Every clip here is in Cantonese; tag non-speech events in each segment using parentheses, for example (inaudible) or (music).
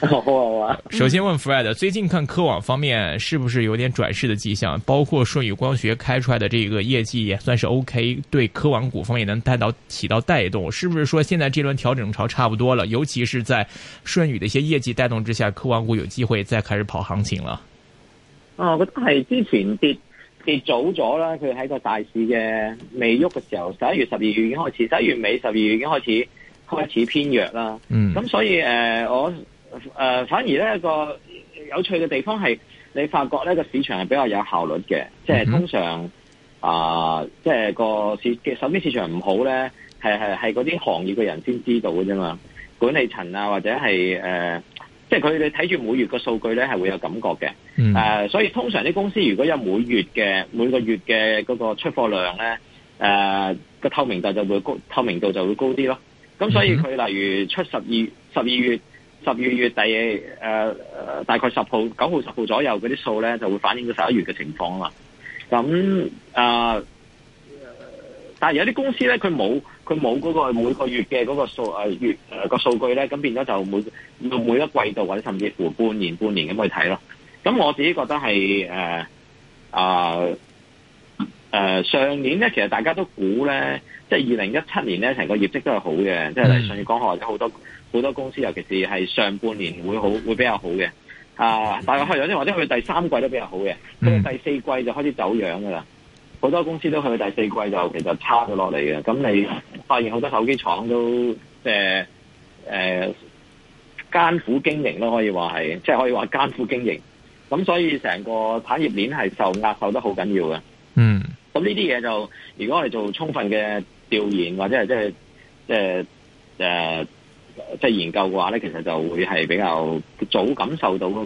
啊啊啊、首先問 Fred，最近看科網方面是不是有點轉勢的跡象？包括舜宇光學開出來的這個業績也算是 OK，對科網股方面也能帶到起到帶動。是不是說現在這輪調整潮差不多了？尤其是在舜宇的一些業績帶動之下，科網股有機會再開始跑行情了？我覺得係之前跌跌早咗啦，佢喺個大市嘅未喐嘅時候，十一月、十二月已經開始，十一月尾、十二月已經開始開始偏弱啦。嗯，咁所以誒、呃，我誒、呃，反而咧個有趣嘅地方係，你發覺咧個市場係比較有效率嘅，即係通常啊、呃，即係個市嘅手機市場唔好咧，係係係嗰啲行業嘅人先知道嘅啫嘛，管理層啊或者係誒、呃，即係佢哋睇住每月嘅數據咧係會有感覺嘅誒、嗯呃，所以通常啲公司如果有每月嘅每個月嘅嗰個出貨量咧誒個透明度就會高，透明度就會高啲咯。咁所以佢例如出十二十二月。十二月底、呃、大概十號九號十號左右嗰啲數咧，就會反映到十一月嘅情況啦。咁、嗯、啊、呃，但係有啲公司咧，佢冇佢冇嗰個每個月嘅嗰個數、呃、月誒、呃、個數據咧，咁變咗就每每一季度或者甚至乎半年半年咁去睇咯。咁我自己覺得係誒啊誒上年咧，其實大家都估咧，即係二零一七年咧，成個業績都係好嘅，即係嚟舜宇光學或者好多。好多公司，尤其是係上半年會好會比較好嘅，啊，大概開咗啲，或者去第三季都比較好嘅，咁、mm. 第四季就開始走樣噶啦。好多公司都去到第四季就其實差咗落嚟嘅。咁你發現好多手機廠都誒誒、呃呃、艱苦經營咯，可以話係，即、就、係、是、可以話艱苦經營。咁所以成個產業鏈係受壓受得好緊要嘅。嗯、mm.，咁呢啲嘢就如果我哋做充分嘅調研，或者係即係即係誒。呃即係研究嘅話咧，其實就會係比較早感受到嗰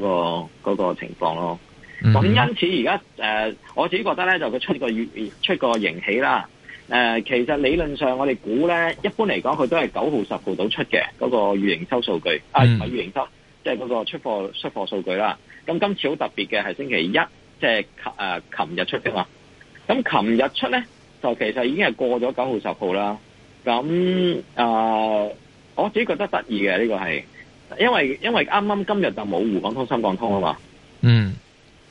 個嗰個情況咯。咁因此而家誒，我自己覺得咧，就佢出個月出個營企啦。誒、呃，其實理論上我哋估咧，一般嚟講佢都係九號十號到出嘅嗰個預營收數據啊，唔係預營收，即係嗰個出貨出貨數據啦。咁今次好特別嘅係星期一，即係誒琴日出嘅嘛。咁琴日出咧，就其實已經係過咗九號十號啦。咁啊。呃我、哦、自己覺得得意嘅呢個係，因為因為啱啱今日就冇滬港通深港通啊嘛，嗯，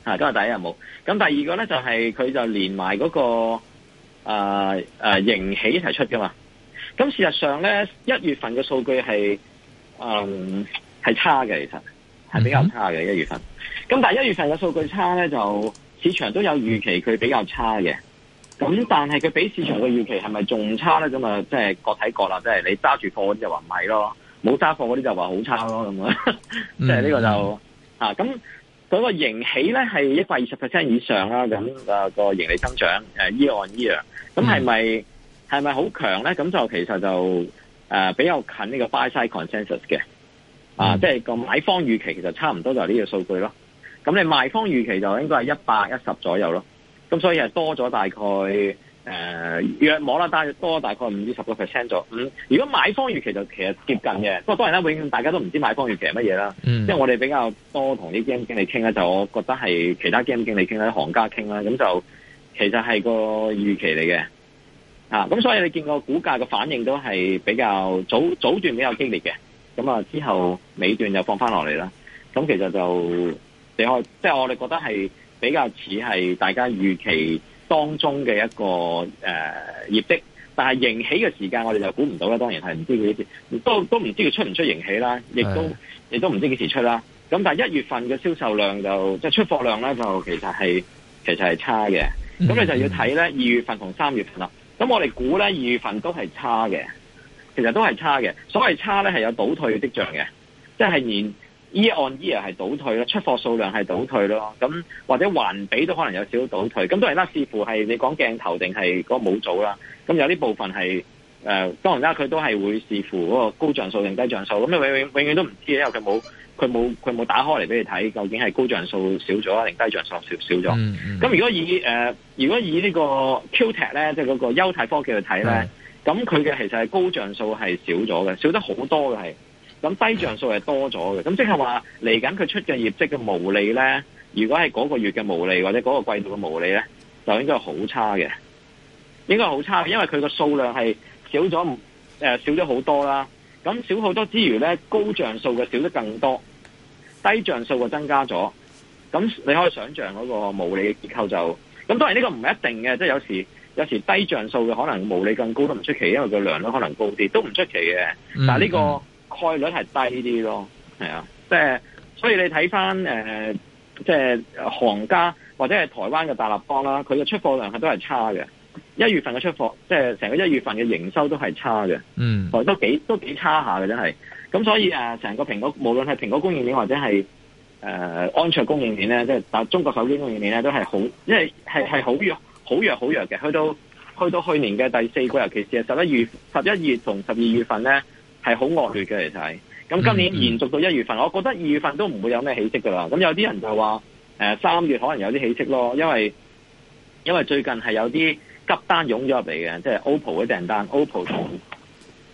啊今日第一日冇。咁第二個咧就係、是、佢就連埋嗰、那個誒誒盈喜一齊出噶嘛。咁事實上咧，一月份嘅數據係誒係差嘅，其實係比較差嘅一、嗯、月份。咁但係一月份嘅數據差咧，就市場都有預期佢比較差嘅。咁但係佢比市場嘅預期係咪仲差咧？咁啊，即係各睇各啦。即係你揸住貨嗰啲就話唔係咯，冇揸貨嗰啲就話好差咯。咁、嗯 (laughs) 嗯、啊，即係、那個、呢個就啊，咁佢個盈起咧係一百二十 percent 以上啦。咁個、那個盈利增長誒 year on year，咁係咪係咪好強咧？咁、嗯、就其實就誒、呃、比較近呢個 buy side consensus 嘅、嗯、啊，即係個買方預期其實差唔多就係呢個數據咯。咁你賣方預期就應該係一百一十左右咯。咁所以係多咗大概誒、呃、約莫啦，但係多大概五至十個 percent 咗。嗯，如果買方預期就其實接近嘅。不過當然啦，永遠大家都唔知買方預期係乜嘢啦。即、嗯、係我哋比較多同啲基金經理傾咧，就我覺得係其他基金經理傾咧，行家傾啦。咁就其實係個預期嚟嘅。啊，咁所以你見個股價嘅反應都係比較早早段比較激烈嘅。咁啊之後尾段又放翻落嚟啦。咁其實就你可即係我哋覺得係。比較似係大家預期當中嘅一個誒、呃、業績，但係盈喜嘅時間我哋就估唔到啦，當然係唔知佢幾時，都都唔知佢出唔出盈喜啦，亦都亦都唔知幾時出啦。咁但係一月份嘅銷售量就即係出貨量咧，就其實係其實係差嘅。咁你就要睇咧二月份同三月份啦。咁我哋估咧二月份都係差嘅，其實都係差嘅。所謂差咧係有倒退嘅跡象嘅，即係年。依按依然係倒退啦，出貨數量係倒退咯。咁或者環比都可能有少少倒退。咁當然啦，視乎係你講鏡頭定係嗰個模組啦。咁有啲部分係誒、呃，當然啦，佢都係會視乎嗰個高像素定低像素。咁你永永永遠都唔知，因為佢冇佢冇佢冇打開嚟俾你睇，究竟係高像素少咗定低像素少少咗。咁如果以誒、呃，如果以個 Q-TEC 呢個 QTE 咧，即係嗰個優泰科技去睇咧，咁佢嘅其實係高像素係少咗嘅，少得好多嘅係。咁低像素係多咗嘅，咁即係話嚟緊佢出嘅業績嘅毛利咧，如果係嗰個月嘅毛利或者嗰個季度嘅毛利咧，就應該係好差嘅，應該係好差，因為佢個數量係少咗、呃，少咗好多啦。咁少好多之餘咧，高像素嘅少得更多，低像素嘅增加咗。咁你可以想象嗰個毛利嘅結構就咁。當然呢個唔係一定嘅，即係有時有時低像素嘅可能毛利更高都唔出奇，因為個量都可能高啲，都唔出奇嘅、嗯。但係呢個概率係低啲咯，係啊，即係所以你睇翻誒，即、呃、係、就是、行家或者係台灣嘅大立光啦，佢嘅出貨量係都係差嘅。一月份嘅出貨，即係成個一月份嘅營收都係差嘅，嗯，都幾都幾差下嘅真係。咁所以誒，成個蘋果無論係蘋果供應鏈或者係誒、呃、安卓供應鏈咧，即係但中國手機供應鏈咧都係好，因為係係係好弱好弱好弱嘅。去到去到去年嘅第四季，尤其是十一月、十一月同十二月份咧，係好惡劣嘅嚟睇，咁今年延續到一月份，我覺得二月份都唔會有咩起色㗎啦。咁有啲人就話，誒、呃、三月可能有啲起色咯，因為因為最近係有啲急單湧咗入嚟嘅，即係 OPPO 嘅訂單，OPPO 同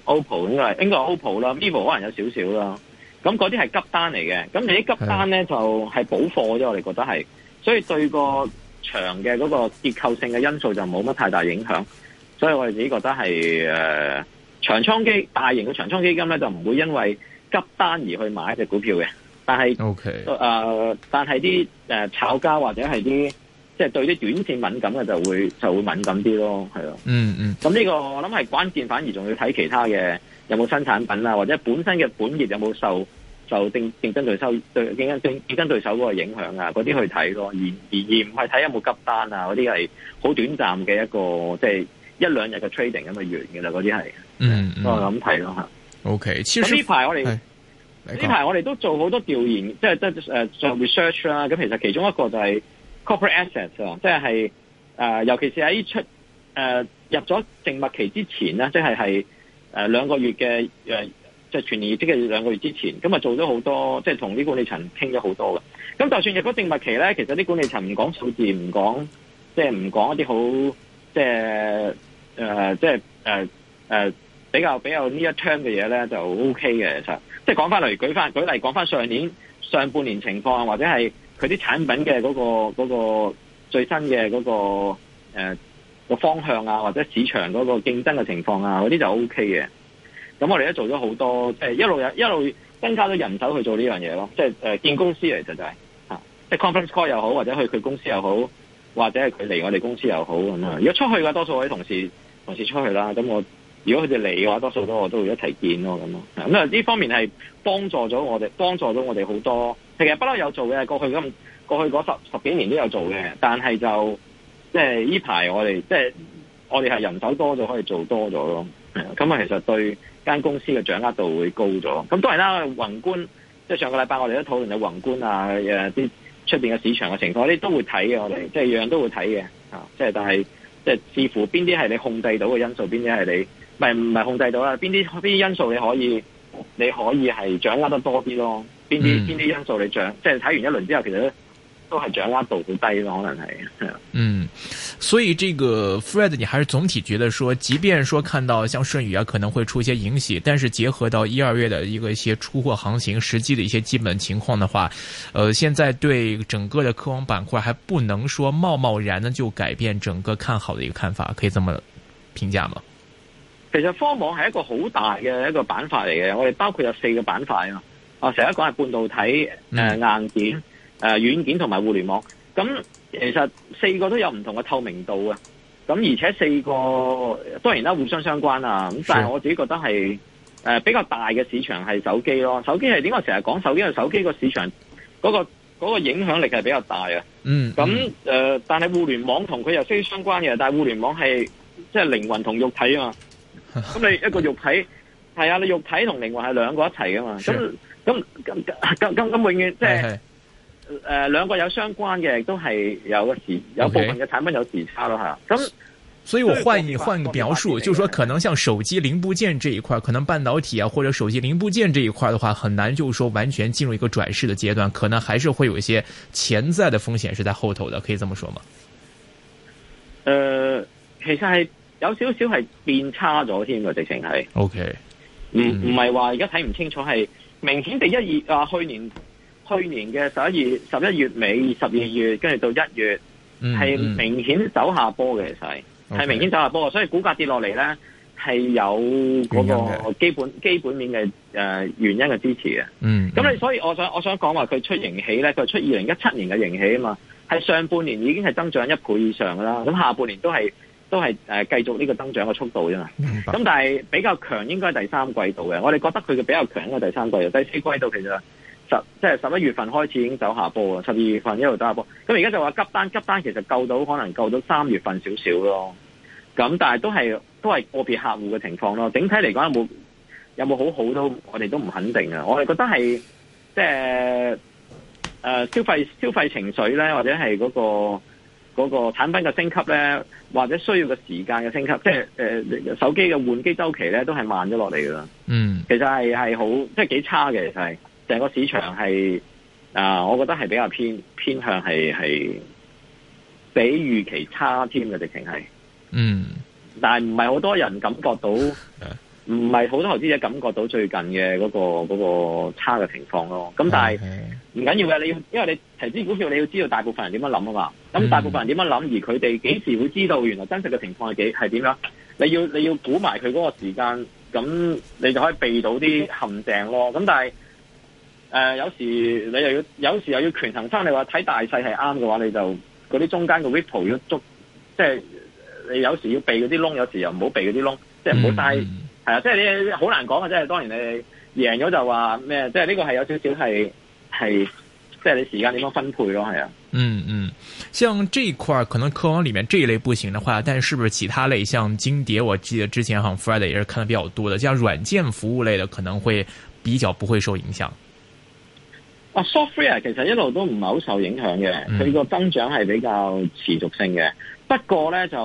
OPPO 應該係應該係 OPPO 啦，VIVO 可能有少少啦。咁嗰啲係急單嚟嘅，咁你啲急單咧就係、是、補貨啫，我哋覺得係，所以對個場嘅嗰個結構性嘅因素就冇乜太大影響，所以我哋自己覺得係誒長倉基大型嘅長倉基金咧就唔會因為急單而去買隻股票嘅，但係，OK，誒，但係啲誒炒家或者係啲即係對啲短線敏感嘅就會就會敏感啲咯，係咯，嗯嗯，咁呢個我諗係關鍵，反而仲要睇其他嘅有冇新產品啊，或者本身嘅本業有冇受受正競競爭對手對競爭競競爭對手嗰個影響啊，嗰啲去睇咯，而而而唔係睇有冇急單啊，嗰啲係好短暫嘅一個即係。一兩日嘅 trading 咁咪完嘅啦，嗰啲係嗯，都係咁睇咯吓 OK，呢排我哋呢排我哋都做好多調研，即係即係誒 research 啦。咁其實其中一個就係 corporate assets 啊、就是，即係誒，尤其是喺出誒、呃、入咗靜默期之前咧，即係係誒兩個月嘅誒，即、呃、係、就是、全年業績嘅兩個月之前，咁啊做咗好多，即係同啲管理層傾咗好多嘅。咁就算入咗靜默期咧，其實啲管理層唔講數字，唔講即係唔講一啲好即係。就是誒、呃，即係誒誒，比較比較這一呢一 team 嘅嘢咧，就 O K 嘅，其實即係講翻嚟，舉翻舉例講翻上年上半年情況，或者係佢啲產品嘅嗰、那個嗰、那個、最新嘅嗰、那個誒、呃、方向啊，或者市場嗰個競爭嘅情況啊，嗰啲就 O K 嘅。咁我哋都做咗好多，即、就是、一路有一路增加咗人手去做呢樣嘢咯。即係誒見公司其實就係、是啊、即係 conference call 又好，或者去佢公司又好，或者係佢嚟我哋公司又好咁，如果出去嘅多數我啲同事。出去啦，咁我如果佢哋嚟嘅話，多數都我都會一齊見咯，咁咁啊呢方面係幫助咗我哋，幫助咗我哋好多。其實不嬲有做嘅，過去咁過去，過去十十幾年都有做嘅，但係就即係呢排我哋即係我哋係人手多咗，可以做多咗咯。咁啊，其實對間公司嘅掌握度會高咗。咁當然啦，宏觀即係、就是、上個禮拜我哋都討論咗宏觀啊，誒啲出邊嘅市場嘅情況，我哋都會睇嘅，我哋即係樣樣都會睇嘅啊。即係但係。.即係視乎邊啲係你控制到嘅因素，邊啲係你唔係唔係控制到啦？邊啲邊啲因素你可以你可以係掌握得多啲咯？邊啲邊啲因素你掌即係睇完一輪之後，其實都都係掌握度好低咯，可能係，嗯。所以這個 Fred，你還是總體覺得說，即便說看到像舜宇啊可能會出一些盈喜，但是結合到一二月的一個一些出貨行情、實際的一些基本情況的話，呃，現在對整個的科網板塊還不能說貿貿然的就改變整個看好的一個看法，可以這麼評價嗎？其實科網係一個好大嘅一個板塊嚟嘅，我哋包括有四個板塊啊，啊，成日講係半導體、誒硬件、誒、呃、軟件同埋互聯網，咁。其實四個都有唔同嘅透明度啊，咁而且四個當然啦互相相關啊，咁、sure. 但係我自己覺得係誒、呃、比較大嘅市場係手機咯，手機係點解我成日講手機，因為手機個市場嗰、那個嗰、那個影響力係比較大啊，嗯、mm-hmm.，咁、呃、誒但係互聯網同佢又雖然相關嘅，但係互聯網係即係靈魂同肉體啊嘛，咁 (laughs) 你一個肉體係 (laughs) 啊，你肉體同靈魂係兩個一齊噶嘛，咁咁咁咁咁永遠即係。 (laughs) 就是 (laughs) 誒、呃，兩個有相關嘅，亦都係有個時，有部分嘅產品有時差咯，吓。咁，所以我換一換個描述，就說可能像手機零部件這一塊，可能半導體啊，或者手機零部件這一塊的話，很難就是說完全進入一個轉勢的階段，可能還是會有一些潛在的風險是在後頭的，可以這麼說嗎？誒、呃，其實係有少少係變差咗添嘅，直情係。O K，唔唔係話而家睇唔清楚，係明顯第一二啊去年。去年嘅十一月、十一月尾、十二月，跟住到一月，係、嗯嗯、明顯走下波嘅，其實係明顯走下波。Okay. 所以股價跌落嚟咧，係有嗰個基本的基本面嘅誒、呃、原因嘅支持嘅。嗯，咁、嗯、你所以我想我想講話佢出盈喜咧，佢出二零一七年嘅盈喜啊嘛，係上半年已經係增長一倍以上㗎啦。咁下半年都係都係誒繼續呢個增長嘅速度啫嘛。咁但係比較強應該係第三季度嘅，我哋覺得佢嘅比較強應該係第三季度、第四季度其實。十即係十一月份開始已經走下坡喇，十二月份一路走下坡。咁而家就話急單急單，急單其實夠到可能夠到三月份少少咯。咁但係都係都係個別客戶嘅情況咯。整體嚟講有冇有冇好好我都我哋都唔肯定啊。我哋覺得係即係誒、呃、消費消費情緒咧，或者係嗰、那個嗰、那個產品嘅升級咧，或者需要嘅時間嘅升級，即係誒、呃、手機嘅換機週期咧，都係慢咗落嚟噶啦。嗯、mm.，其實係係好即係幾差嘅，其實係。成個市場係啊、呃，我覺得係比較偏偏向係係比預期差添嘅，直情係嗯。但係唔係好多人感覺到，唔係好多投資者感覺到最近嘅嗰、嗰個、嗰個差嘅情況咯。咁但係、嗯、係唔緊要嘅，你因為你投資股票，你要知道大部分人點樣諗啊嘛。咁大部分人點樣諗，而佢哋幾時會知道原來真實嘅情況係幾係點樣？你要你要估埋佢嗰個時間，咁你就可以避到啲陷阱咯。咁但係。誒、呃，有時你又要有時又要權衡翻，你話睇大勢係啱嘅話，你就嗰啲中間嘅 ripple 要捉，即係你有時要避嗰啲窿，有時又唔好避嗰啲窿，即係唔好嘥，係、嗯、啊，即係你好難講啊！即係當然你贏咗就話咩，即係呢個係有少少係係，即係你時間點樣分配咯，係啊。嗯嗯，像這一塊可能科網裏面這一類不行的話，但是是不是其他類，像金蝶，我記得之前喺 Friday 也是看得比較多的，像軟件服務類的可能會比較不會受影響。啊，software 其實一路都唔係好受影響嘅，佢個增長係比較持續性嘅。不過咧就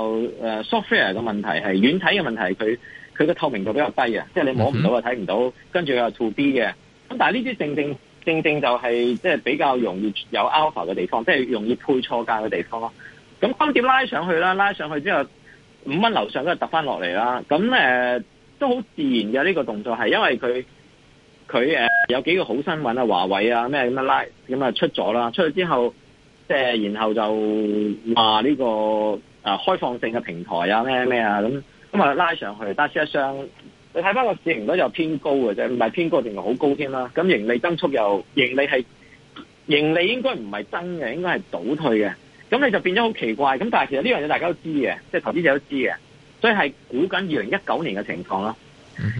誒，software 嘅問題係軟體嘅問題，佢佢個透明度比較低啊，即係你摸唔到啊，睇唔到。跟住又 to B 嘅，咁但係呢啲正正正正就係即係比較容易有 alpha 嘅地方，即係容易配錯價嘅地方咯。咁今朝拉上去啦，拉上去之後五蚊樓上突、呃、都係揼翻落嚟啦。咁誒都好自然嘅呢、這個動作係因為佢。佢誒有幾個好新聞啊，華為啊咩咁樣拉咁啊出咗啦，出咗之後即係然後就話呢個啊開放性嘅平台啊咩咩啊咁咁啊拉上去，但係事實上你睇翻個市盈率又偏高嘅啫，唔係偏高定係好高添啦。咁盈利增速又盈利係盈利應該唔係增嘅，應該係倒退嘅。咁你就變咗好奇怪。咁但係其實呢樣嘢大家都知嘅，即係投資者都知嘅，所以係估緊二零一九年嘅情況咯。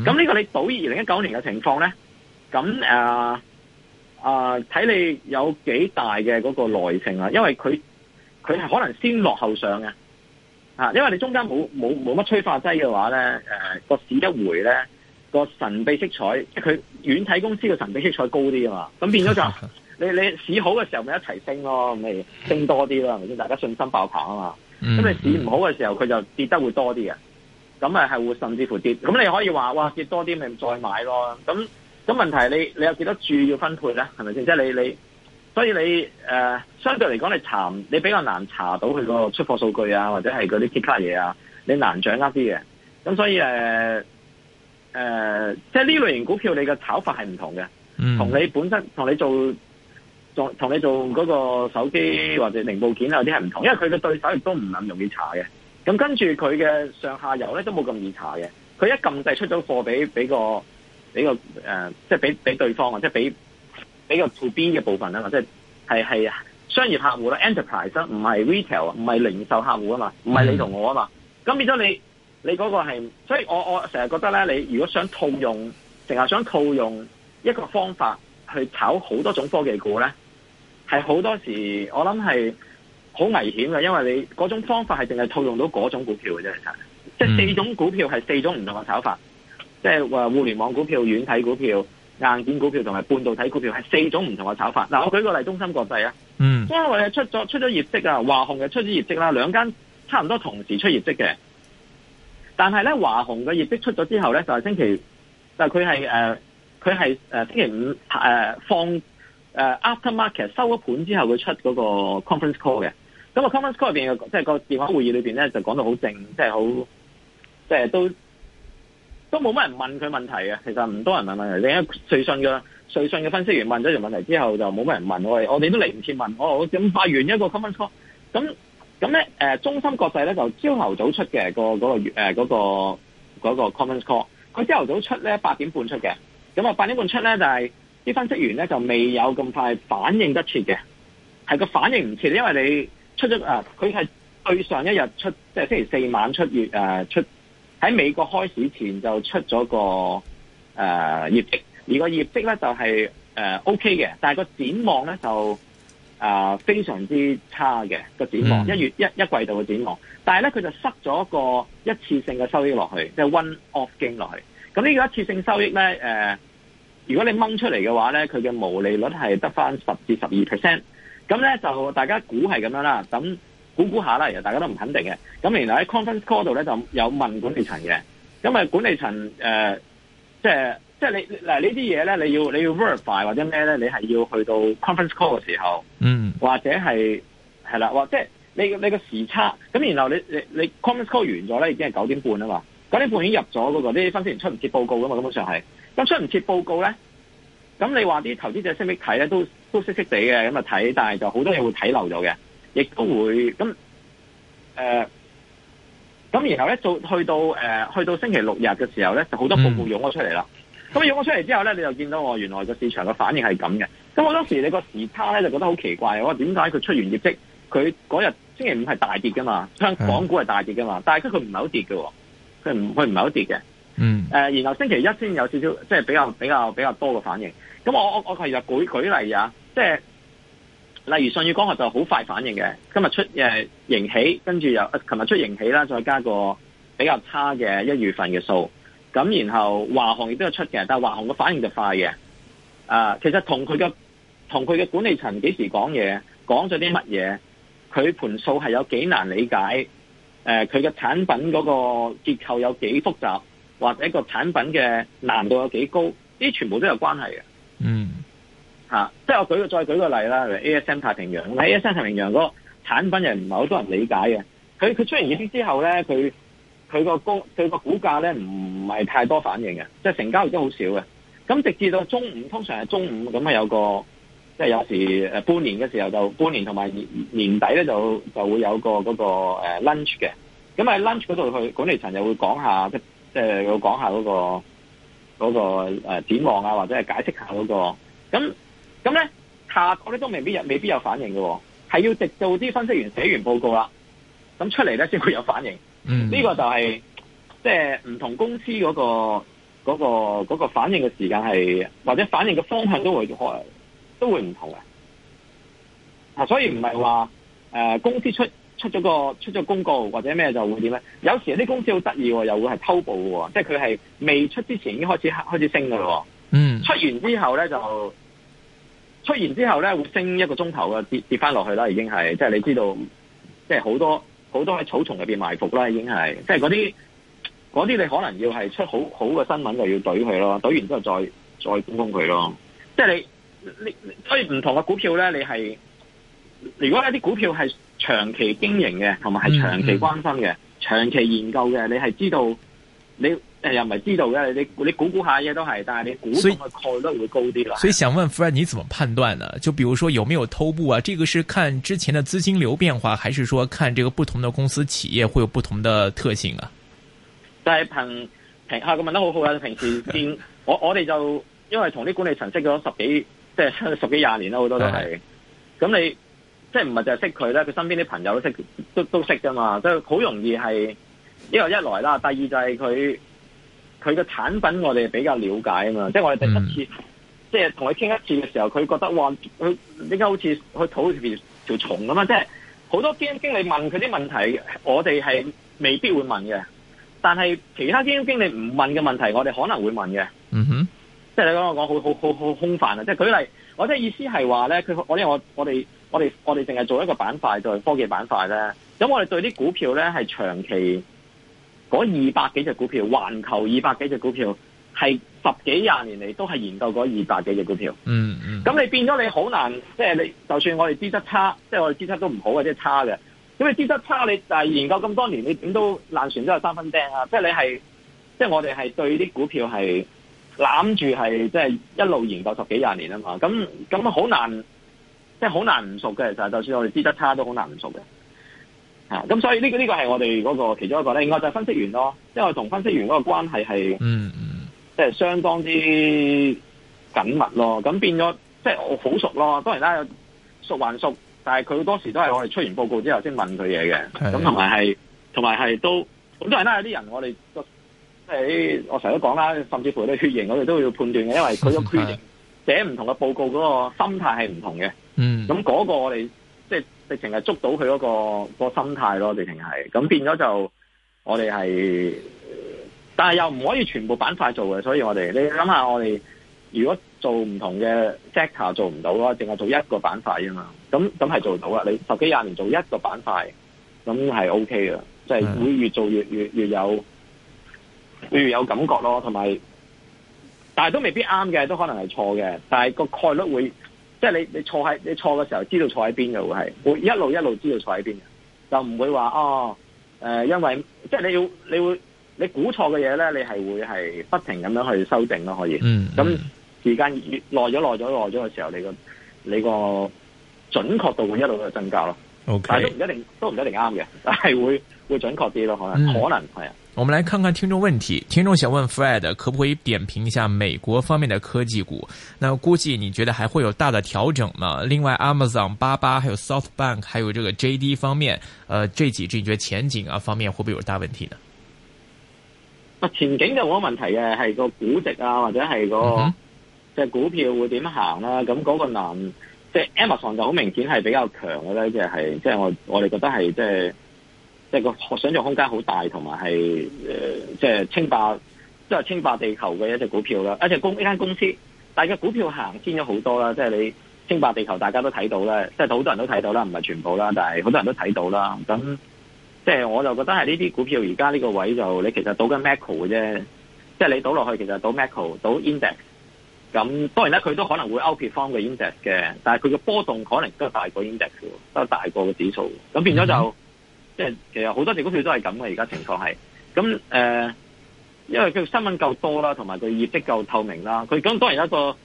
咁呢個你倒二零一九年嘅情況咧？咁誒誒，睇、啊啊、你有幾大嘅嗰個耐性啊！因為佢佢係可能先落後上嘅，啊！因為你中間冇冇冇乜催化劑嘅話咧，誒、啊、個市一回咧個神秘色彩，即係佢軟體公司嘅神秘色彩高啲啊嘛！咁變咗就是、 (laughs) 你你市好嘅時候咪一齊升咯，咪升多啲咯，係咪先？大家信心爆棚啊嘛！咁 (laughs) 你市唔好嘅時候，佢就跌得會多啲嘅。咁啊係會甚至乎跌，咁你可以話哇跌多啲咪再買咯，咁。咁問題你你有幾多注要分配咧？係咪先？即係你你，所以你誒相對嚟講，你查你比較難查到佢個出貨數據啊，或者係嗰啲其他嘢啊，你難掌握啲嘅。咁所以誒即係呢類型股票你嘅炒法係唔同嘅，同、嗯、你本身同你做做同你做嗰個手機或者零部件有啲係唔同，因為佢嘅對手亦都唔咁容易查嘅。咁跟住佢嘅上下游咧都冇咁易查嘅，佢一撳掣出咗貨俾俾個。比較誒、呃，即係比比對方啊，即係比比較 to B 嘅部分啦，或者係係商業客戶啦，enterprise 啦，唔係 retail 唔係零售客戶啊嘛，唔係你同我啊嘛。咁、嗯、變咗你你嗰個係，所以我我成日覺得咧，你如果想套用，成日想套用一個方法去炒好多種科技股咧，係好多時我諗係好危險嘅，因為你嗰種方法係淨係套用到嗰種股票嘅啫，其實即係四種股票係四種唔同嘅炒法。即係話互聯網股票、軟體股票、硬件股票同埋半導體股票係四種唔同嘅炒法。嗱，我舉個例，中芯國際啊，因、嗯、為出咗出咗業績啊，華虹又出咗業績啦，兩間差唔多同時出業績嘅。但係咧，華虹嘅業績出咗之後咧，就係、是、星期，但係佢係誒佢係誒星期五誒、呃、放誒、呃、after market 收咗盤之後，佢出嗰個 conference call 嘅。咁、那、啊、個、conference call 入邊，即、就、係、是、個電話會議裏邊咧，就講到好靜，即係好即係都。都冇乜人問佢問題嘅，其實唔多人問問題。另一瑞信嘅瑞信嘅分析員問咗條問題之後，就冇乜人問我哋。我哋都嚟唔切問我。咁、哦、發完一個 conference call，咁咁咧中芯國際咧就朝頭早出嘅、嗰個嗰、嗰個月嗰、呃嗰個 conference call。佢朝頭早出咧八點半出嘅，咁啊八點半出咧就係、是、啲分析員咧就未有咁快反應得切嘅，係個反應唔切，因為你出咗佢係對上一日出，即係星期四晚出月、呃、出。喺美國開市前就出咗個誒、呃、業績，而個業績咧就係、是、誒、呃、OK 嘅，但個展望咧就誒、呃、非常之差嘅個展望，mm-hmm. 一月一一季度嘅展望。但係咧佢就塞咗個一次性嘅收益落去，即、就、係、是、one-off gain 落去。咁呢個一次性收益咧誒、呃，如果你掹出嚟嘅話咧，佢嘅毛利率係得返十至十二 percent。咁咧就大家估係咁樣啦，等估估下啦，大家都唔肯定嘅。咁然後喺 conference call 度咧，就有問管理層嘅。咁啊，管理層誒，即係即係你嗱呢啲嘢咧，你要你要 verify 或者咩咧？你係要去到 conference call 嘅時候，嗯，或者係係啦，或者即係你你個時差。咁然後你你你 conference call 完咗咧，已經係九點半啊嘛。九點半已經入咗嗰、那個啲分析員出唔切報告噶嘛，根本上係。咁出唔切報告咧，咁你話啲投資者識唔識睇咧？都都識識哋嘅，咁啊睇，但係就好多嘢會睇漏咗嘅。亦都會咁誒，咁、呃、然後咧，到去到誒、呃，去到星期六日嘅時候咧，就好多瀑布湧咗出嚟啦。咁湧咗出嚟之後咧，你就見到我、哦、原來個市場嘅反應係咁嘅。咁我當時你個時差咧就覺得好奇怪，我點解佢出完業績，佢嗰日星期五係大跌㗎嘛？香港股係大跌㗎嘛？但係佢佢唔係好跌嘅、哦，佢唔佢唔係好跌嘅。嗯。誒、呃，然後星期一先有少少，即、就、係、是、比較比較比較多嘅反應。咁我我我其實舉舉例啊，即、就、係、是。例如舜宇光學就好快反應嘅，今日出誒盈、呃、喜，跟住又琴日、呃、出盈喜啦，再加個比較差嘅一月份嘅數，咁然後華虹亦都有出嘅，但華虹個反應就快嘅、呃。其實同佢嘅同佢嘅管理層幾時講嘢，講咗啲乜嘢，佢盤數係有幾難理解，佢、呃、嘅產品嗰個結構有幾複雜，或者一個產品嘅難度有幾高，呢啲全部都有關係嘅。嗯。啊，即係我舉個再舉個例啦，例如 ASM 太平洋喺 ASM 太平洋嗰個產品又唔係好多人理解嘅，佢佢出完嘢之後咧，佢佢個高佢個股價咧唔係太多反應嘅，即係成交亦都好少嘅。咁直至到中午，通常係中午咁啊，有個即係、就是、有時誒半年嘅時候就半年同埋年底咧就就會有個嗰個 lunch 嘅。咁喺 lunch 嗰度去管理層又會講下即係要講下嗰個嗰個誒展望啊，或者係解釋下嗰個咁。咁咧，下個咧都未必有未必有反應嘅、哦，係要直到啲分析員寫完報告啦，咁出嚟咧先會有反應。呢、嗯呢個就係即係唔同公司嗰、嗰個嗰嗰、嗰個嗰個、反應嘅時間係，或者反應嘅方向都會都會唔同嘅。啊，所以唔係話誒公司出出咗個出咗公告或者咩就會點咧？有時啲公司好得意，又會係偷步喎、哦，即係佢係未出之前已經開始開始升㗎咯、哦。嗯，出完之後咧就。出完之後咧，會升一個鐘頭嘅，跌跌翻落去啦，已經係即係你知道，即係好多好多喺草叢入邊埋伏啦，已經係即係嗰啲嗰啲你可能要係出很好好嘅新聞就要懟佢咯，懟完之後再再攻攻佢咯，即係你你所以唔同嘅股票咧，你係如果一啲股票係長期經營嘅，同埋係長期關心嘅、長期研究嘅，你係知道你。又唔係知道嘅，你你估估下嘢都係，但係你估嘅概率會高啲啦。所以想問 Frank 你怎麼判斷呢？就比如說有沒有偷步啊？這個是看之前的資金流變化，還是說看這個不同的公司企業會有不同的特性啊？在平平，問得好咁好好我平時見， (laughs) 我我哋就因為同啲管理層識咗十幾，即係十幾廿年啦，好多都係。咁 (laughs) 你即係唔係就係識佢咧？佢身邊啲朋友都識，都都識噶嘛，即係好容易係。因為一來啦，第二就係佢。佢嘅產品我哋比較了解啊嘛，即係我哋第一次、嗯、即係同佢傾一次嘅時候，佢覺得哇，佢點解好似佢肚入邊條蟲咁啊？即係好多基金經理問佢啲問題，我哋係未必會問嘅。但係其他基金經理唔問嘅問題，我哋可能會問嘅。嗯哼，即係你講我講好好好好空泛啊！即係舉例，我即係意思係話咧，佢我因為我我哋我哋我哋淨係做一個板塊，就係科技板塊咧。咁我哋對啲股票咧係長期。嗰二百幾隻股票，環球二百幾隻股票，係十幾廿年嚟都係研究嗰二百幾隻股票。嗯嗯。咁你變咗你好難，即係你就算我哋資質差，即係我哋資質都唔好嘅，即係差嘅。咁你資質差，你但係研究咁多年，你點都爛船都有三分釘啊！即係你係，即係我哋係對啲股票係攬住係，即係一路研究十幾廿年啊嘛。咁咁好難，即係好難唔熟嘅，其實就算我哋資質差都好難唔熟嘅。啊，咁所以呢個呢個係我哋嗰個其中一個咧，應該就係分，分析員咯，因為同分析員嗰個關係係，嗯嗯，即係相當之緊密咯，咁變咗即係我好熟咯，當然啦，熟還熟，但係佢好多時都係我哋出完報告之後先問佢嘢嘅，咁同埋係，同埋係都，咁多人啦，有啲人我哋即係我成日都講啦，甚至乎啲血型我哋都要判斷嘅，因為佢個血型寫唔同嘅報告嗰個心態係唔同嘅，嗯，咁嗰、嗯、個我哋。直情係捉到佢嗰個個心態咯，直情係咁變咗就我哋係，但係又唔可以全部板塊做嘅，所以我哋你諗下，我哋如果做唔同嘅 sector 做唔到咯，淨係做一個板塊啊嘛，咁咁係做到啦。你十幾廿年做一個板塊，咁係 OK 嘅，即係會越做越越越有越有感覺咯，同埋但係都未必啱嘅，都可能係錯嘅，但係個概率會。即係你你錯喺你錯嘅時候知道錯喺邊嘅，會係會一路一路知道錯喺邊，就唔會話哦誒、呃，因為即係你要你會你估錯嘅嘢咧，你係會係不停咁樣去修正咯，可以。嗯。咁時間越耐咗耐咗耐咗嘅時候，你個你個準確度會一路去增加咯。Okay。但係都唔一定都唔一定啱嘅，但係會會準確啲咯，可能可能係啊。我們來看看聽眾問題，聽眾想問 Fred 可不可以點評一下美國方面的科技股？那估計你覺得還會有大的調整嗎？另外 Amazon、88、還有 SoftBank，還有這個 JD 方面，呃，這幾隻你覺得前景啊方面會不會有大問題呢？啊，前景就冇乜問題嘅，係個估值啊或者係個即係、嗯、股票會點行啦。咁嗰個難，即係 Amazon 就好明顯係比較強嘅咧，即係即係我我哋覺得係即係。就是一、就、個、是、想象空間好大,同埋係誒，即、呃、係、就是、稱霸，即、就、係、是、清霸地球嘅一隻股票啦，一隻公呢間公司，但係個股票行先咗好多啦，即、就、係、是、你清霸地球大家都睇到咧，即係好多人都睇到啦，唔係全部啦，但係好多人都睇到啦。咁即係我就覺得係呢啲股票而家呢個位置就，你其實賭緊 Macro 嘅啫，即、就、係、是、你倒落去其實賭 Macro 賭 index，咁當然咧佢都可能會 outperform 嘅 index 嘅，但係佢嘅波動可能都大過 index，都大過個指數，咁變咗就。即係其實好多股票都係咁嘅，而家情況係咁誒，因為佢新聞夠多啦，同埋佢業績夠透明啦。佢咁當然一個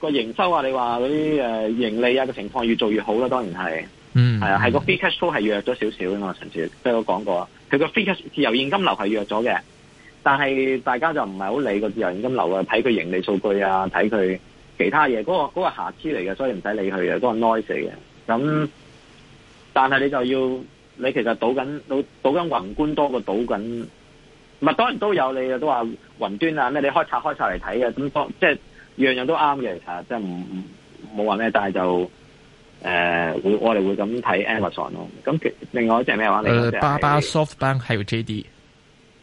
個營收啊，你話嗰啲誒盈利啊嘅情況越做越好啦，當然係。嗯，係啊，係個 free cash flow 係弱咗少少嘅嘛，上次即係我講過，佢個 free cash 自由現金流係弱咗嘅，但係大家就唔係好理個自由現金流啊，睇佢盈利數據啊，睇佢其他嘢嗰、嗰個、嗰個瑕疵嚟嘅，所以唔使理佢嘅，都係 noise 嚟嘅。咁但係你就要。你其實賭緊賭緊宏觀多過賭緊，唔係當然都有你都話雲端啊咩，你開拆開拆嚟睇嘅咁多，即係樣樣都啱嘅嚇，即係唔冇話咩，但係就誒、呃、我哋會咁睇 Amazon 咯、嗯。咁另外一隻係咩話你說、就是？巴巴 Softbank 係有 JD，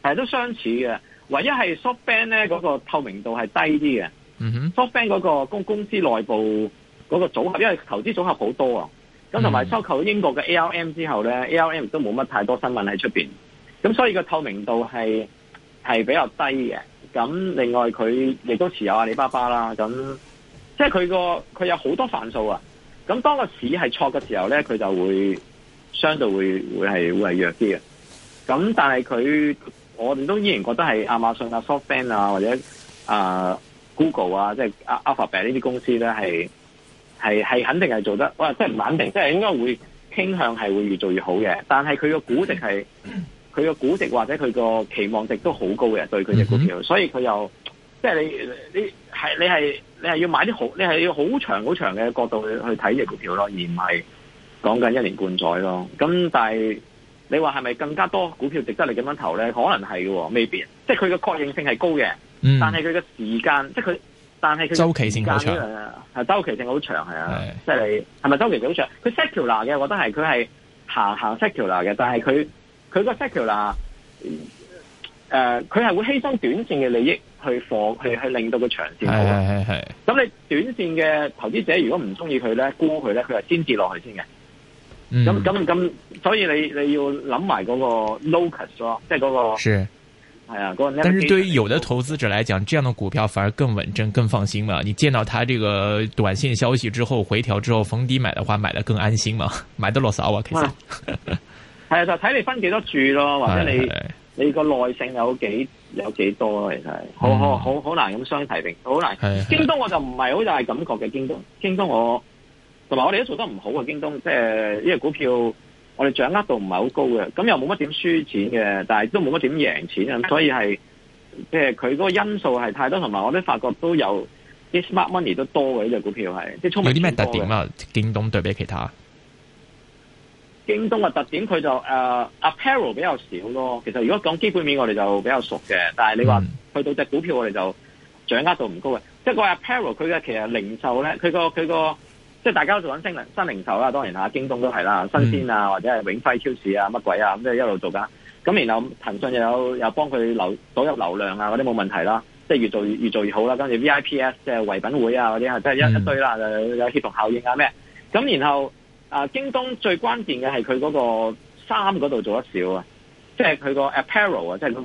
係都相似嘅，唯一係 Softbank 咧嗰個透明度係低啲嘅。嗯哼，Softbank 嗰個公公司內部嗰個組合，因為投資組合好多啊。咁同埋收購英國嘅 ARM 之後咧、mm-hmm.，ARM 都冇乜太多新聞喺出面，咁所以個透明度係係比較低嘅。咁另外佢亦都持有阿里巴巴啦，咁即係佢個佢有好多範數啊。咁當個市係錯嘅時候咧，佢就會相對會會係會係弱啲嘅。咁但係佢我哋都依然覺得係亞馬遜啊、SoftBank 啊或者、呃、Google 啊，即係阿阿 Alphabet 呢啲公司咧係。係係肯定係做得，哇！即係唔肯定，即係應該會傾向係會越做越好嘅。但係佢個估值係，佢個估值或者佢個期望值都好高嘅，對佢隻股票。Mm-hmm. 所以佢又即係你你係你係你係要買啲好，你係要好長好長嘅角度去去睇隻股票咯，而唔係講緊一年半載咯。咁但係你話係咪更加多股票值得你咁樣投咧？可能係嘅，未必。Mm-hmm. 即係佢嘅確認性係高嘅，但係佢嘅時間即係佢。.但係週期性好長啊，係週期性好長,係啊，即係你係咪周期性好長？佢，啊、secular 嘅，我覺得係佢係行行 secular 嘅，但係佢佢個 secular 誒、呃，佢係會犧牲短線嘅利益去放去去，去令到個長線好啊。係咁你短線嘅投資者如果唔中意佢咧，沽佢咧，佢係先跌落去先嘅。咁咁咁，所以你你要諗埋嗰個邏輯咯，即係嗰個係啊，但是對於有的投資者嚟講，這樣的股票反而更穩陣、更放心嘛。你見到他這個短線消息之後回調之後逢低買的話，買得更安心嘛，買得落手啊。其實係啊，就睇、是、你分幾多注咯，或者你是是你個耐性有幾有幾多咯。其實係好好好好、嗯、難咁相提並好難是是。京東我就唔係好大感覺嘅京東，京東我同埋我哋都做得唔好啊。京東即係、呃、因為股票。我哋掌握度唔係好高嘅，咁又冇乜點輸錢嘅，但係都冇乜點贏錢啊，所以係即係佢嗰個因素係太多，同埋我都發覺都有啲 smart money 都多嘅呢隻股票係，即係聰明。有啲咩特點啊？京東對比其他？京東嘅特點，佢就誒、uh, apparel 比較少咯。其實如果講基本面，我哋就比較熟嘅，但係你話去到隻股票，我哋就掌握度唔高嘅。即係個 apparel 佢嘅其實零售咧，佢個佢個。即係大家做緊新零新零售啦，當然啦，京東都係啦，新鮮啊或者係永輝超市啊乜鬼啊咁，即係一路做緊。咁然後騰訊又有又幫佢流導入流量啊嗰啲冇問題啦，即係越做越，越做越好啦。跟住 V I P S 即係唯品會啊嗰啲即係一、嗯、一堆啦，有協同效應啊咩？咁然後啊，京東最關鍵嘅係佢嗰個衫嗰度做得少啊，即係佢個 apparel 啊，即係嗰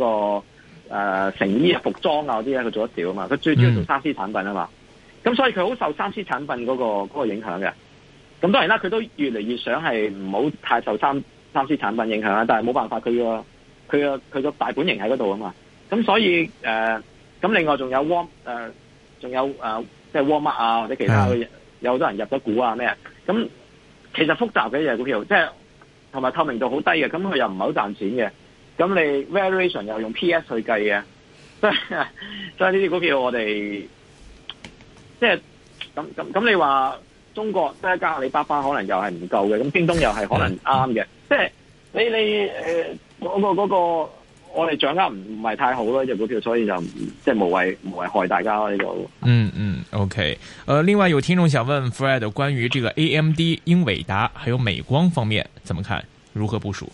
個誒成衣服裝啊嗰啲咧，佢做得少啊嘛，佢最主要做三 C、嗯、產品啊嘛。咁所以佢好受三 C 產品嗰個嗰個影響嘅，咁當然啦，佢都越嚟越想係唔好太受三三 C 產品影響啦，但係冇辦法，佢個佢個佢個大本營喺嗰度啊嘛，咁所以誒，咁、呃、另外仲有 warm 誒、呃，仲有誒即係 Walmart 啊，或者其他有好多人入咗股啊咩，咁其實複雜嘅啲股票，即係同埋透明度好低嘅，咁佢又唔係好賺錢嘅，咁你 valuation 又用 P/S 去計嘅，即係所以呢啲股票我哋。即係咁咁咁，你話中國即係阿里巴巴可能又係唔夠嘅，咁京東又係可能啱嘅。即係你你誒，嗰個嗰個我哋掌握唔唔係太好咯，隻股票，所以就即係無謂無謂害大家呢度。嗯嗯,嗯，OK。誒、呃，另外有聽眾想問 Fred 關於呢個 AMD 英偉達還有美光方面怎麼看，如何部署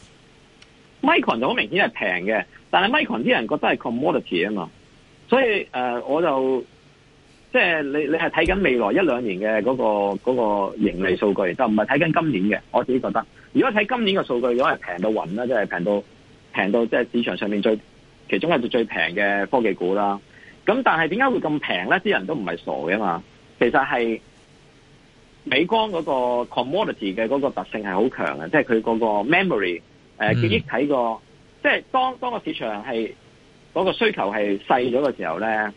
？Micron 就好明顯係平嘅，但係 Micron 啲人覺得係 commodity 啊嘛，所以誒我就。Okay 呃即係你你係睇緊未來一兩年嘅嗰個嗰個盈利數據，就唔係睇緊今年嘅。我自己覺得，如果睇今年嘅數據，如果係平到暈啦，即係平到平到即係市場上面最其中一隻最平嘅科技股啦。咁但係點解會咁平咧？啲人都唔係傻嘅嘛。其實係美光嗰個 commodity 嘅嗰個特性係好強嘅，即係佢嗰個 memory 誒記憶體個即係當當個市場係嗰個需求係細咗嘅時候咧。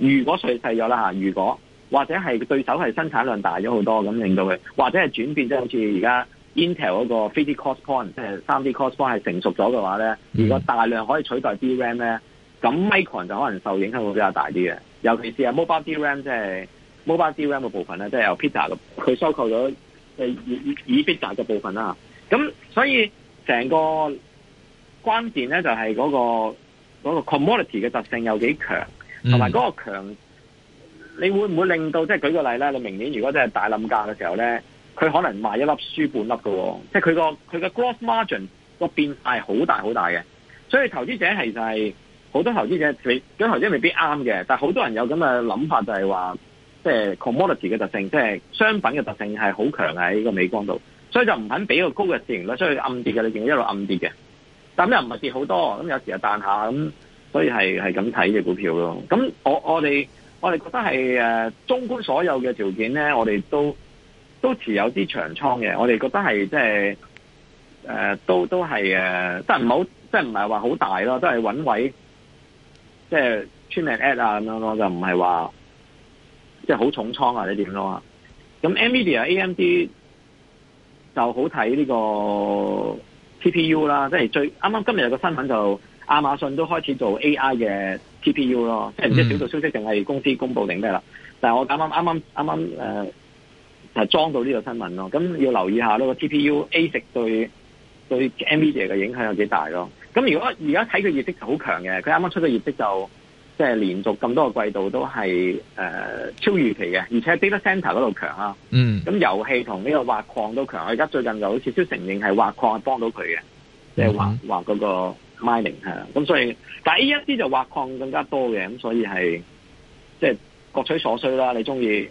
如果衰退咗啦吓，如果，是如果或者係對手係生產量大咗好多，咁令到佢，或者係轉變即係好似而家 Intel 嗰個 3D cross point，即係 3D cross point 係成熟咗嘅話咧，如果大量可以取代 DRAM 咧，咁 Micron 就可能受影響會比較大啲嘅，尤其是係 mobile DRAM，即係 mobile DRAM 嘅部分咧，即、就、係、是、由 Elpida 佢收購咗、呃、以以 Elpida 嘅部分啦。咁所以成個關鍵咧就係、是、嗰、嗰個嗰個 commodity 嘅特性有幾強。同埋嗰個強，你會唔會令到即係舉個例咧？你明年如果真係大冧價嘅時候咧，佢可能賣一粒輸半粒喎。即係佢個佢嘅 growth margin 個變態好大好大嘅。所以投資者其實係、是、好多投資者，佢投資者未必啱嘅，但係好多人有咁嘅諗法就，就係話即係 commodity 嘅特性，即係商品嘅特性係好強喺呢個美光度，所以就唔肯俾個高嘅市盈率出去暗跌嘅，你見佢一路暗跌嘅，但係又唔係跌好多，咁有時又彈下咁。所以係係咁睇嘅股票咯。咁我我哋我哋覺得係誒，中、呃、觀所有嘅條件咧，我哋都都持有啲長倉嘅。我哋覺得係即係誒，都都係誒、呃，即係唔好，即係唔係話好大咯，都係穩位，即係穿 line at 啊咁樣咯，就唔係話即係好重倉啊，或者點咯。咁 Nvidia、AMD 就好睇呢個 TPU 啦，即係最啱啱今日有個新聞就。亞馬遜都開始做 AI 嘅 TPU 咯，即係唔知小道消息定係公司公布定咩啦？但係我啱啱啱啱啱啱誒係裝到呢個新聞咯，咁要留意一下呢、那個 TPU ASIC 對對 NVIDIA 嘅影響有幾大咯？咁如果而家睇佢業績就好強嘅，佢啱啱出嘅業績就即係、就是、連續咁多個季度都係誒、呃、超預期嘅，而且 data center 嗰度強啊！嗯，咁遊戲同呢個挖礦都強，而家最近就好似都承認係挖礦幫到佢嘅，即、就、係、是、挖、嗯、挖嗰、那個。Mining 係啊，咁所以，但係 AMD 就挖礦更加多嘅，咁所以係，即係各取所需啦。你中意，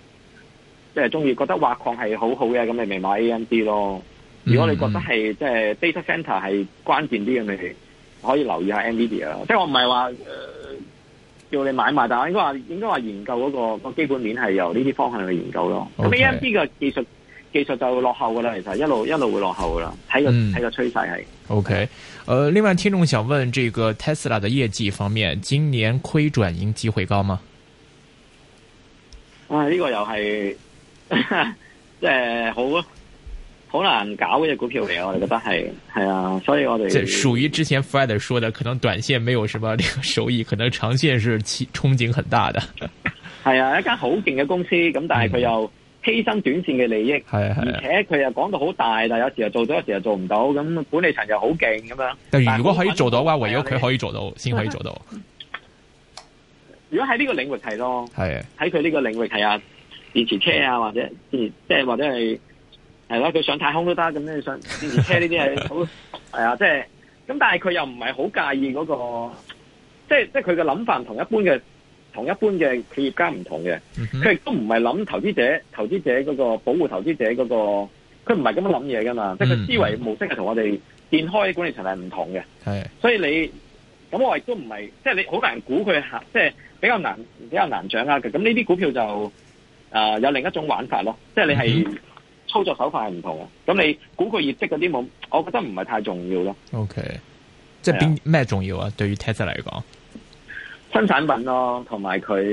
即係中意覺得挖礦係好好嘅，咁你咪買 AMD 咯、嗯。如果你覺得係，即係 data center 係關鍵啲嘅，你可以留意下 NVDA 啊。即係我唔係話誒叫你買賣，但係應該話應該話研究嗰個個基本面係由呢啲方向去研究咯。咁 AMD 嘅技術。技術就落後噶啦，其實一路一路會落後噶啦，睇個睇、嗯、個趨勢係。OK，誒，另外聽眾想問，這個 Tesla 的業績方面，今年虧轉盈機會高嗎？啊、哎，呢、這個又係，即係好好難搞呢隻股票嚟啊！我覺得係，係啊，所以我哋屬於之前 Fred 說的，可能短線沒有什麼收益，可能長線是期憧憬很大的。係啊，一間好勁嘅公司，咁但係佢又。嗯犧牲短線嘅利益，係啊係，而且佢又講到好大，但有時又做到，有時又做唔到，咁管理層又好勁咁樣。但如果可以做到嘅話，唯有佢可以做到，先可以做到。如果喺呢個領域係咯，係喺佢呢個領域係啊，電池車啊，或者電，即係或者係係咯，佢上太空都得咁咧。上電池車呢啲係好係啊，即係咁，但係佢又唔係好介意嗰個，即係即係佢嘅諗法同一般嘅。同一般嘅企業家唔同嘅，佢、嗯、亦都唔係諗投資者，投資者嗰個保護投資者嗰個，佢唔係咁樣諗嘢噶嘛，即係佢思維模式係同我哋建開管理層係唔同嘅。係，所以你咁我亦都唔係，即係你好難估佢行，即係比較難比較難掌握嘅。咁呢啲股票就誒、呃、有另一種玩法咯，即係你係操作手法係唔同嘅，咁、嗯、你估佢業績嗰啲冇，我覺得唔係太重要咯。OK，即係邊咩重要啊？對於 Tesla 嚟講。新產品咯，同埋佢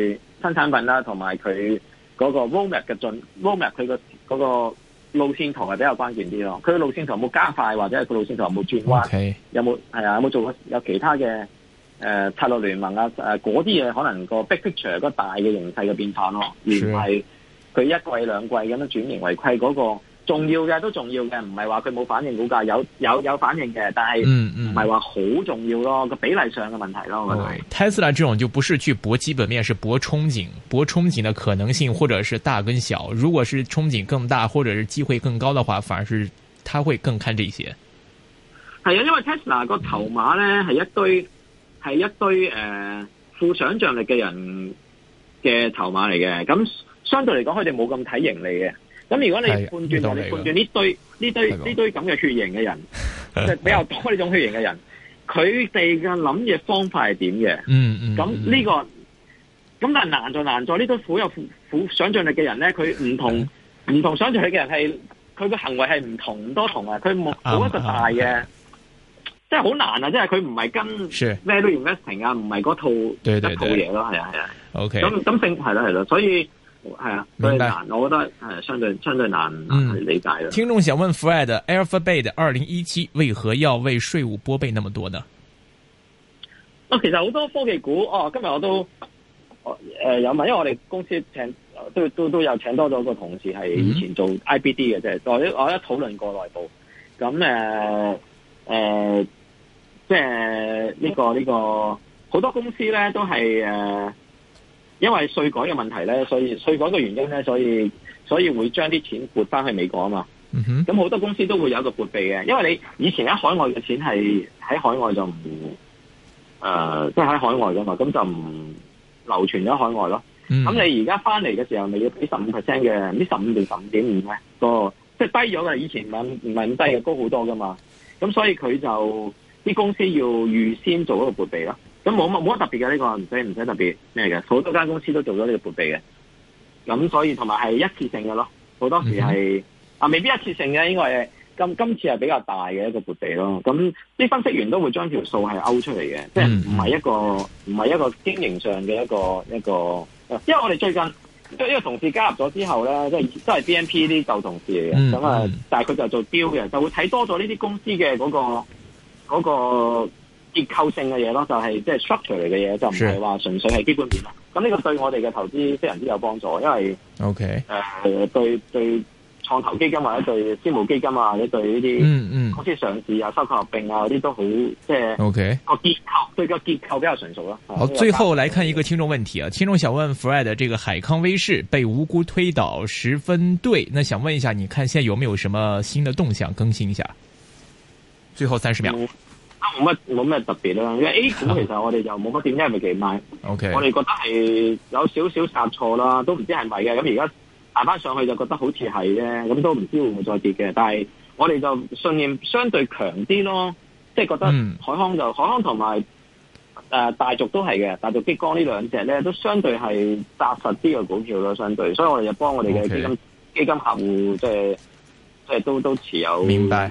新產品啦，同埋佢嗰個 roadmap 嘅進 roadmap 佢個嗰個路線圖係比較關鍵啲咯。佢路線圖有冇加快，或者係佢路線圖有冇轉彎，okay。有冇係啊？有冇做有其他嘅誒、呃、策略聯盟啊？嗰啲嘢可能個 Big Picture 個大嘅形勢嘅變化咯，而唔係佢一季兩季咁樣轉盈為虧嗰、那個。重要嘅都重要嘅，唔係話佢冇反應股價有有有反應嘅，但係唔係話好重要咯，個、嗯、比例上嘅問題咯、嗯、我覺得，Tesla 呢種就不是去搏基本面，係搏憧憬，搏憧憬嘅可能性，或者是大跟小。如果是憧憬更大，或者是機會更高嘅話，反而是他會更看這些。係啊，因為 Tesla 個籌碼咧係、嗯、一堆係一堆誒富、呃、想象力嘅人嘅籌碼嚟嘅。咁相對嚟講，佢哋冇咁睇盈利嘅。咁如果你判斷同你判斷呢堆呢堆呢堆咁嘅血型嘅人，即 (laughs) 係比較多呢種血型嘅人，佢哋嘅諗嘢方法係點嘅？嗯嗯。咁呢、這個，咁、嗯、但係難在難在呢堆好有好想象力嘅人咧，佢唔同唔、嗯、同想象力嘅人係佢嘅行為係唔同唔多同啊，佢冇冇一個大嘅、嗯嗯嗯嗯嗯，即係好難啊！即係佢唔係跟咩都用 testing 啊，唔係嗰套對對對對一套嘢咯，係啊係啊。O K。咁咁正係咯係咯，所以。係啊，所以難，我覺得係、啊、相對相對難，理解嘅、嗯。聽眾想問 Fred，Alphabet 二零一七為何要為稅務撥備那麼多呢？哦，其實好多科技股哦，今日我都，誒、呃、有問，因為我哋公司請都都都有請多咗個同事係以前做 IBD 嘅啫，嗯、我一我一討論過內部，咁誒誒、即係呢個呢個好多公司咧都係誒。呃因為稅改嘅問題咧，所以稅改嘅原因咧，所以所以會將啲錢撥翻去美國啊嘛。咁、嗯、好多公司都會有一個撥備嘅，因為你以前喺海外嘅錢係喺海外就唔誒，即係喺海外噶嘛，咁就唔流傳咗海外咯。咁、嗯、你而家翻嚟嘅時候，你要俾十五 percent 嘅，呢十五定十五點五咧，都、嗰個、即係低咗嘅。以前唔唔係咁低嘅、嗯，高好多噶嘛。咁所以佢就啲公司要預先做一個撥備咯。咁冇冇冇乜特別嘅呢個唔使唔使特別咩嘅，好多間公司都做咗呢個撥備嘅。咁所以同埋係一次性嘅咯，好多時係、嗯、啊，未必一次性嘅，應該係今今次係比較大嘅一個撥備咯。咁啲分析員都會將條數係勾出嚟嘅、嗯，即係唔係一個唔係、嗯、一個經營上嘅一個一個，因為我哋最近即係呢個同事加入咗之後咧，即係都係 B N P 啲舊同事嚟嘅。咁、嗯、啊、嗯，但係佢就做 deal 嘅，就會睇多咗呢啲公司嘅嗰個嗰個。嗰個結構性嘅嘢咯，就係即係 structure 嚟嘅嘢，就唔係話純粹係基本面啦。咁呢個對我哋嘅投資非常之有幫助，因為，OK，誒、呃，對對，創投基金或者對私募基金啊，或者呢啲公司上市啊、收購合併啊嗰啲都好，即係，OK，個結構對個結構比較純熟咯。好、嗯，最後來看一個聽眾問題啊，聽眾想問 Fred 的這個海康威視被無辜推倒十分對，那想問一下，你看現在有沒有什麼新的動向？更新一下，最後三十秒。嗯冇乜冇咩特別啦，因為 A 股其實我哋就冇乜點去買我哋覺得係有少少殺錯啦，都唔知係咪嘅，咁而家行翻上去就覺得好似係啫，咁都唔知會唔會再跌嘅，但係我哋就信念相對強啲咯，即係覺得海康就、嗯、海康同埋誒大族都係嘅，大族激光呢兩隻咧都相對係紮實啲嘅股票咯，相對，所以我哋就幫我哋嘅基金、okay. 基金客戶即係即係都都持有。明白